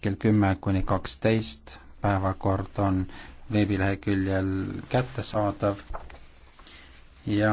kell kümme kuni kaksteist, päevakord on veebileheküljel kättesaadav ja